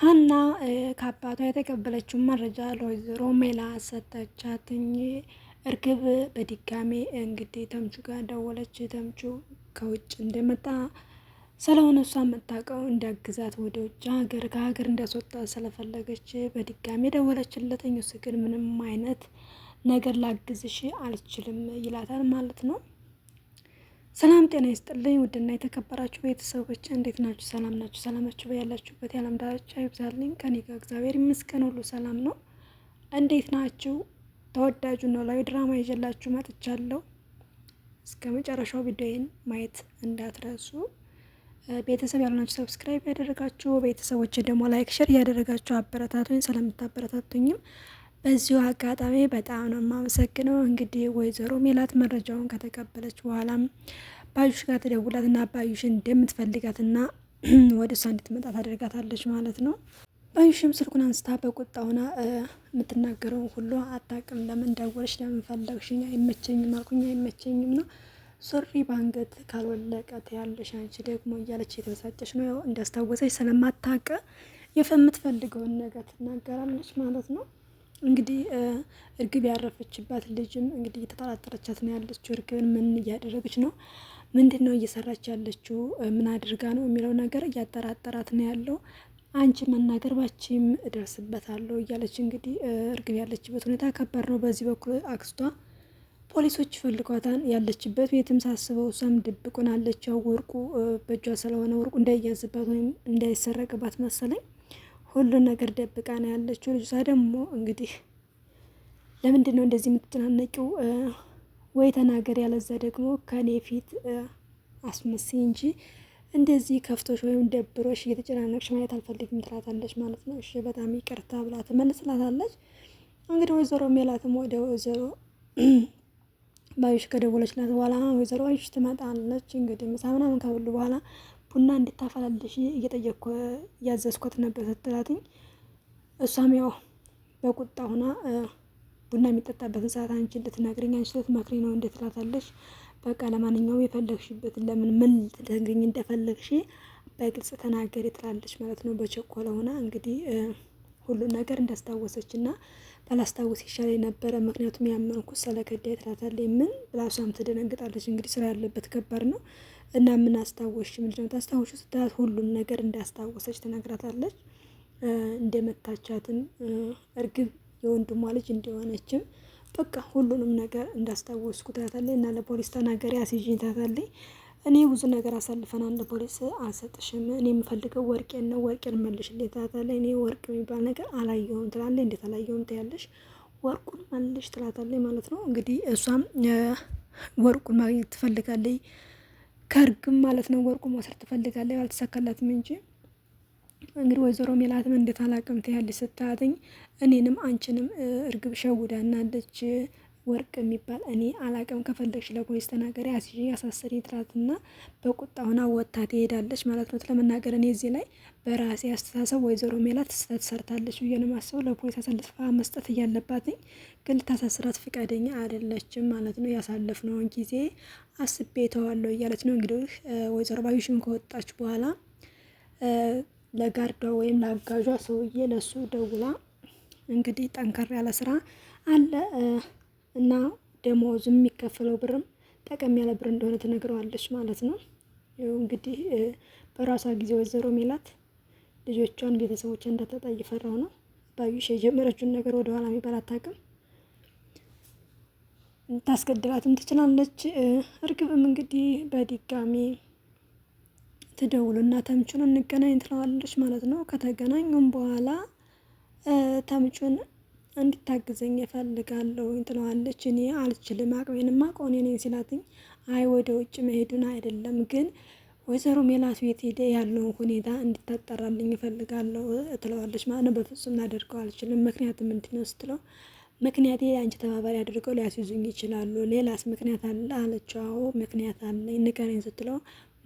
ሀና ከአባቷ የተቀበለችው መረጃ ለወይዘሮ ሜላ ሰጠቻትኝ። እርግብ በድጋሜ እንግዲህ ተምቹ ጋር ደወለች። ተምቹ ከውጭ እንደመጣ ስለሆነ እሷ የምታውቀው እንዳግዛት ወደ ውጭ ሀገር ከሀገር እንዳስወጣ ስለፈለገች በድጋሜ ደወለችለት። እሱ ግን ምንም አይነት ነገር ላግዝሽ አልችልም ይላታል ማለት ነው። ሰላም ጤና ይስጥልኝ። ውድና የተከበራችሁ ቤተሰቦች እንዴት ናችሁ? ሰላም ናችሁ? ሰላማችሁ በያላችሁበት የዓለም ዳርቻ ይብዛልኝ። ከኔ ጋር እግዚአብሔር ይመስገን ሁሉ ሰላም ነው። እንዴት ናችሁ? ተወዳጁ ኖላዊ ድራማ ይዤላችሁ መጥቻለሁ። እስከ መጨረሻው ቪዲዮዬን ማየት እንዳትረሱ። ቤተሰብ ያልሆናችሁ ሰብስክራይብ ያደረጋችሁ፣ ቤተሰቦች ደግሞ ላይክ፣ ሸር እያደረጋችሁ አበረታቱኝ። ስለምታበረታቱኝም በዚሁ አጋጣሚ በጣም ነው የማመሰግነው። እንግዲህ ወይዘሮ ሜላት መረጃውን ከተቀበለች በኋላም ባዩሽ ጋር ተደውላትና ባዩሽ እንደምትፈልጋትና ወደ እሷ እንድትመጣ ታደርጋታለች ማለት ነው። ባዩሽም ስልኩን አንስታ በቁጣ ሆና የምትናገረውን ሁሉ አታውቅም። ለምን ደወለች? ለምን ፈለግሽኝ? አይመቸኝም አልኩኝ። አይመቸኝም ነው ሶሪ ባንገት ካልወለቀት ያለሽ አንቺ ደግሞ እያለች የተመሳጨች ነው። ያው እንዳስታወሰች ስለማታውቅ የምትፈልገውን ነገር ትናገራለች ማለት ነው። እንግዲህ እርግብ ያረፈችባት ልጅም እንግዲህ እየተጠራጠረቻት ነው ያለችው። እርግብን ምን እያደረገች ነው? ምንድን ነው እየሰራች ያለችው? ምን አድርጋ ነው የሚለው ነገር እያጠራጠራት ነው ያለው። አንቺ መናገር ባችም እደርስበታለሁ እያለች እንግዲህ እርግብ ያለችበት ሁኔታ ከባድ ነው። በዚህ በኩል አክስቷ ፖሊሶች ይፈልጓታል። ያለችበት ቤትም ሳስበው ሰም ድብቁን አለች። ያው ወርቁ በእጇ ስለሆነ ወርቁ እንዳይያዝባት ወይም እንዳይሰረቅባት መሰለኝ ሁሉን ነገር ደብቃ ነው ያለችው። ልጅቷ ደግሞ እንግዲህ ለምንድን ነው እንደዚህ የምትጨናነቂው? ወይ ተናገር፣ ያለዛ ደግሞ ከኔ ፊት አስመስይ እንጂ እንደዚህ ከፍቶች ወይም ደብሮች እየተጨናነቅሽ ማየት አልፈልግም ትላታለች ማለት ነው። እሺ በጣም ይቅርታ ብላ ትመልስላታለች። እንግዲህ ወይዘሮ ሜላትም ወደ ወይዘሮ ባዩሽ ከደወለችላት በኋላ ወይዘሮ ባዩሽ ትመጣለች። እንግዲህ ምሳ ምናምን ከበሉ በኋላ ቡና እንድታፈላልሽ እየጠየቅኩ እያዘዝኳት ነበር ስትላትኝ እሷም ያው በቁጣ ሁና ቡና የሚጠጣበትን ሰዓት አንቺ እንድትነግሪኝ አንቺ ልትመክሪኝ ነው እንዴት ትላታለሽ። በቃ ለማንኛውም የፈለግሽበት ለምን ምን ልትነግሪኝ እንደፈለግሽ በግልጽ ተናገሪ ትላለች ማለት ነው። በቸኮለ ሁና እንግዲህ ሁሉን ነገር እንዳስታወሰች እና ባላስታወስ ይሻል የነበረ ምክንያቱም ያመንኩት ስለከዳይ ትላታለች። ምን ብላ ትደነግጣለች። እንግዲህ ስራ ያለበት ከባድ ነው። እና ምን አስታወሽ? ምንድን ነው ታስታወሽው ስትላት ሁሉን ነገር እንዳስታወሰች ትነግራታለች። እንደመታቻትም እርግብ የወንድሟ ልጅ እንደሆነችም በቃ ሁሉንም ነገር እንዳስታወስኩ ትላታለች። እና ለፖሊስ ተናገሪ አስይዥኝ ትላታለች። እኔ ብዙ ነገር አሳልፈናል፣ ለፖሊስ አልሰጥሽም። እኔ የምፈልገው ወርቄን ነው፣ ወርቄን መልሽልኝ ትላታለች። እኔ ወርቅ የሚባል ነገር አላየሁም ትላለች። እንዴት አላየሁም ትያለሽ? ወርቁን መልሽ ትላታለች ማለት ነው። እንግዲህ እሷም ወርቁን ማግኘት ትፈልጋለች። ከእርግብ ማለት ነው ወርቁ መውሰድ ትፈልጋለች። አልተሳካላትም እንጂ እንግዲህ ወይዘሮ ሜላትም እንዴት አላቅም ትያለች ስታያትኝ እኔንም አንቺንም እርግብ ሸውዳናለች ወርቅ የሚባል እኔ አላቅም። ከፈለግሽ ለፖሊስ ተናገሪ አስይዤ አሳስሬ ትላትና በቁጣ ሆና ወጥታ ትሄዳለች ማለት ነው። ለመናገር እኔ እዚህ ላይ በራሴ አስተሳሰብ ወይዘሮ ሜላት ስህተት ሰርታለች ብዬ ነው የማስበው። ለፖሊስ አሳልፋ መስጠት እያለባትኝ ግን ልታሳስራት ፍቃደኛ አይደለችም ማለት ነው። ያሳለፍነውን ጊዜ አስቤ ተዋለው እያለች ነው እንግዲህ ወይዘሮ ባዩሽን ከወጣች በኋላ ለጋርዷ ወይም ለአጋዧ ሰውዬ ለሱ ደውላ እንግዲህ ጠንከር ያለ ስራ አለ እና ደሞዙ የሚከፈለው ብርም ጠቀም ያለ ብር እንደሆነ ትነግረዋለች ማለት ነው። ይኸው እንግዲህ በራሷ ጊዜ ወይዘሮ ሜላት ልጆቿን ቤተሰቦቿ እንዳታጣ እየፈራው ነው። ባዩሽ የጀመረችውን ነገር ወደኋላ የሚባል አታውቅም። ታስገድላትም ትችላለች። እርግብም እንግዲህ በድጋሚ ትደውሉና ተምቹን እንገናኝ ትለዋለች ማለት ነው። ከተገናኙም በኋላ ተምቹን እንድታግዘኝ እፈልጋለሁ ትለዋለች። እኔ አልችልም አቅሜንም ቆኔ ነኝ ሲላትኝ፣ አይ ወደ ውጭ መሄዱን አይደለም ግን ወይዘሮ ሜላት ቤት ሄደ ያለውን ሁኔታ እንድታጠራልኝ እፈልጋለሁ ትለዋለች ማለት ነው። በፍጹም ላደርገው አልችልም። ምክንያት ምንድን ነው ስትለው ምክንያት የአንቺ ተባባሪ አድርገው ሊያስይዙኝ ይችላሉ። ሌላስ ምክንያት አለ አለችው። አዎ ምክንያት አለኝ ንገረኝ ስትለው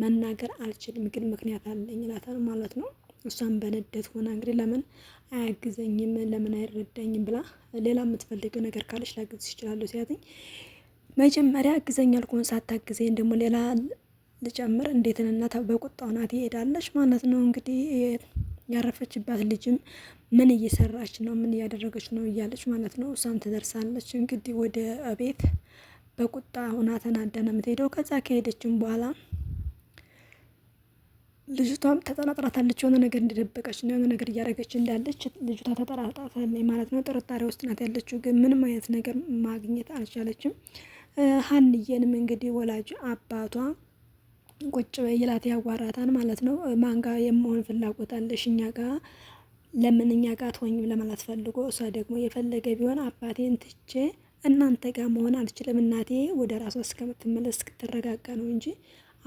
መናገር አልችልም ግን ምክንያት አለኝ ይላታል ማለት ነው። እሷን በነደት ሆና እንግዲህ ለምን አያግዘኝም ለምን አይረዳኝም ብላ ሌላ የምትፈልገው ነገር ካለች ላግዝ ይችላለሁ ሲያትኝ መጀመሪያ አግዘኝ ያልኩህን ሳታግዘኝ ደግሞ ሌላ ልጨምር እንዴት እና በቁጣው ናት ትሄዳለች ማለት ነው እንግዲህ ያረፈችባት ልጅም ምን እየሰራች ነው? ምን እያደረገች ነው? እያለች ማለት ነው። እሷም ትደርሳለች እንግዲህ ወደ ቤት በቁጣ ሁና ተናደነ ነው የምትሄደው። ከዛ ከሄደችም በኋላ ልጅቷም ተጠራጥራታለች። የሆነ ነገር እንደደበቀች ነው፣ የሆነ ነገር እያደረገች እንዳለች ልጅቷ ተጠራጥራታለች ማለት ነው። ጥርጣሬ ውስጥ ናት ያለችው፣ ግን ምንም አይነት ነገር ማግኘት አልቻለችም። ሀንዬንም እንግዲህ ወላጅ አባቷ ቁጭ በይ ያዋራታን ማለት ነው። ማንጋ የመሆን ፍላጎት አለሽ እኛ ጋ ለምን እኛ ጋ ትሆኝም ለማለት ፈልጎ፣ እሷ ደግሞ የፈለገ ቢሆን አባቴን ትቼ እናንተ ጋር መሆን አልችልም፣ እናቴ ወደ ራሷ እስከምትመለስ እስክትረጋጋ ነው እንጂ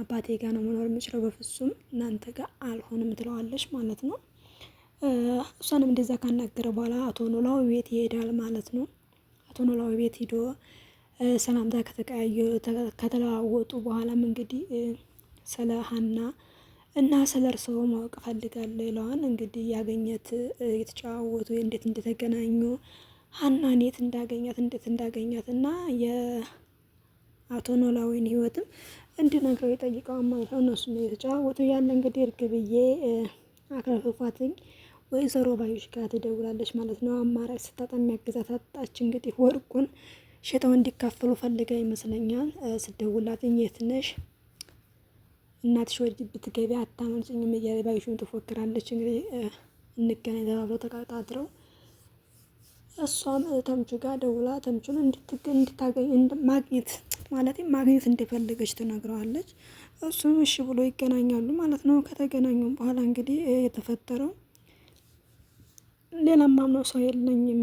አባቴ ጋር ነው መኖር የምችለው፣ በፍጹም እናንተ ጋር አልሆንም ትለዋለች ማለት ነው። እሷንም እንደዛ ካናገረ በኋላ አቶ ኖላዊ ቤት ይሄዳል ማለት ነው። አቶ ኖላዊ ቤት ሂዶ ሰላምታ ከተለዋወጡ በኋላም እንግዲህ ስለ ሀና እና ስለ እርስዎ ማወቅ እፈልጋለሁ ይለዋል። እንግዲህ ያገኘት የተጨዋወቱ እንዴት እንደተገናኙ ሀናን የት እንዳገኛት እንዴት እንዳገኛት እና የአቶ ኖላዊን ህይወትም እንድነግረው የጠይቀዋል ማለት ነው። እነሱ ነው የተጫወቱ ያለ እንግዲህ እርግብዬ አክረፍፋትኝ ወይዘሮ ባዮሽ ጋር ትደውላለች ማለት ነው። አማራጭ ስታጣ የሚያግዛት አጣች። እንግዲህ ወርቁን ሽጠው እንዲካፈሉ ፈልጋ ይመስለኛል። ስደውላትኝ የት ነሽ እናትሽ ወጅ ብትገቢ አታመልጭኝም እያለ ባዮሽን ትፎክራለች። እንግዲህ እንገናኝ ተባብለው ተቀጣጥረው እሷም ተምቹ ጋር ደውላ ተምቹን እንድትገኝ እንድታገኝ ማግኘት ማለት ማግኘት እንደፈለገች ትነግረዋለች። እሱም እሺ ብሎ ይገናኛሉ ማለት ነው። ከተገናኙ በኋላ እንግዲህ የተፈጠረው ሌላ ማምነው ሰው የለኝም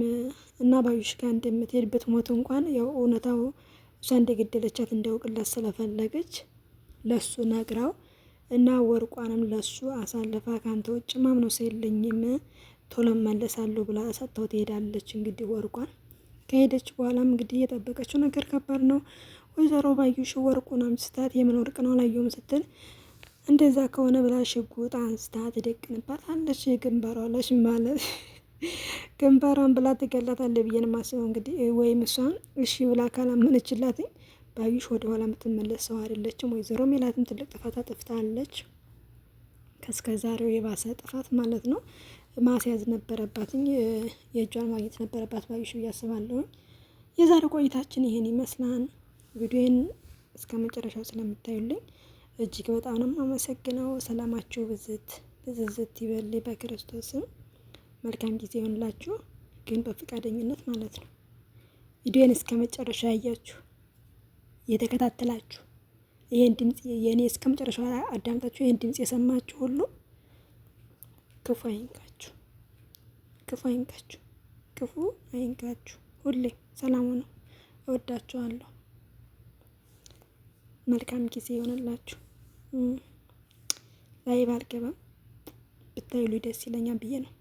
እና ባዩሽ ጋር እንደምትሄድ ብትሞት እንኳን ያው እውነታው እሷ እንደገደለቻት እንዲያውቅላት ስለፈለገች ለሱ ነግራው እና ወርቋንም ለሱ አሳልፋ ከአንተ ውጭ ማምነው ሰው የለኝም ቶሎ መለሳለሁ ብላ ሰጥተው ትሄዳለች። እንግዲህ ወርቋን ከሄደች በኋላም እንግዲህ የጠበቀችው ነገር ከባድ ነው። ወይዘሮ ባዩሽ ወርቁን አምስታት የምን ወርቅ ነው አላየሁም ስትል እንደዛ ከሆነ ብላ ሽጉጥ አንስታ ትደቅንባታለች። ግንባሯለች ማለት ግንባሯን ብላ ትገላታለች ብዬን ማስበው እንግዲህ ወይም እሷን እሺ ብላ ካላመነችላትኝ ባዩሽ ወደ ኋላ የምትመለስ ሰው አይደለችም። ወይዘሮ ሜላትም ትልቅ ጥፋት አጥፍታለች። ከእስከ ዛሬው የባሰ ጥፋት ማለት ነው። ማስያዝ ነበረባትኝ። የእጇን ማግኘት ነበረባት ባዩሽ ብዬ አስባለሁኝ። የዛሬ ቆይታችን ይሄን ይመስላል። ቪዲዮን እስከ መጨረሻው ስለምታዩልኝ እጅግ በጣም ነው የማመሰግነው። ሰላማችሁ ብዝት ብዝዝት ይበል በክርስቶስም። መልካም ጊዜ ይሆንላችሁ፣ ግን በፈቃደኝነት ማለት ነው። ቪዲዮን እስከ መጨረሻ ያያችሁ የተከታተላችሁ ይህን ድምጽ የእኔ እስከ መጨረሻ አዳምጣችሁ ይህን ድምጽ የሰማችሁ ሁሉ ክፉ አይንካችሁ፣ ክፉ አይንካችሁ፣ ክፉ አይንካችሁ። ሁሌ ሰላሙ ነው። እወዳችኋለሁ። መልካም ጊዜ ይሆንላችሁ። ላይ ባልገባ ብታይሉ ደስ ይለኛል ብዬ ነው።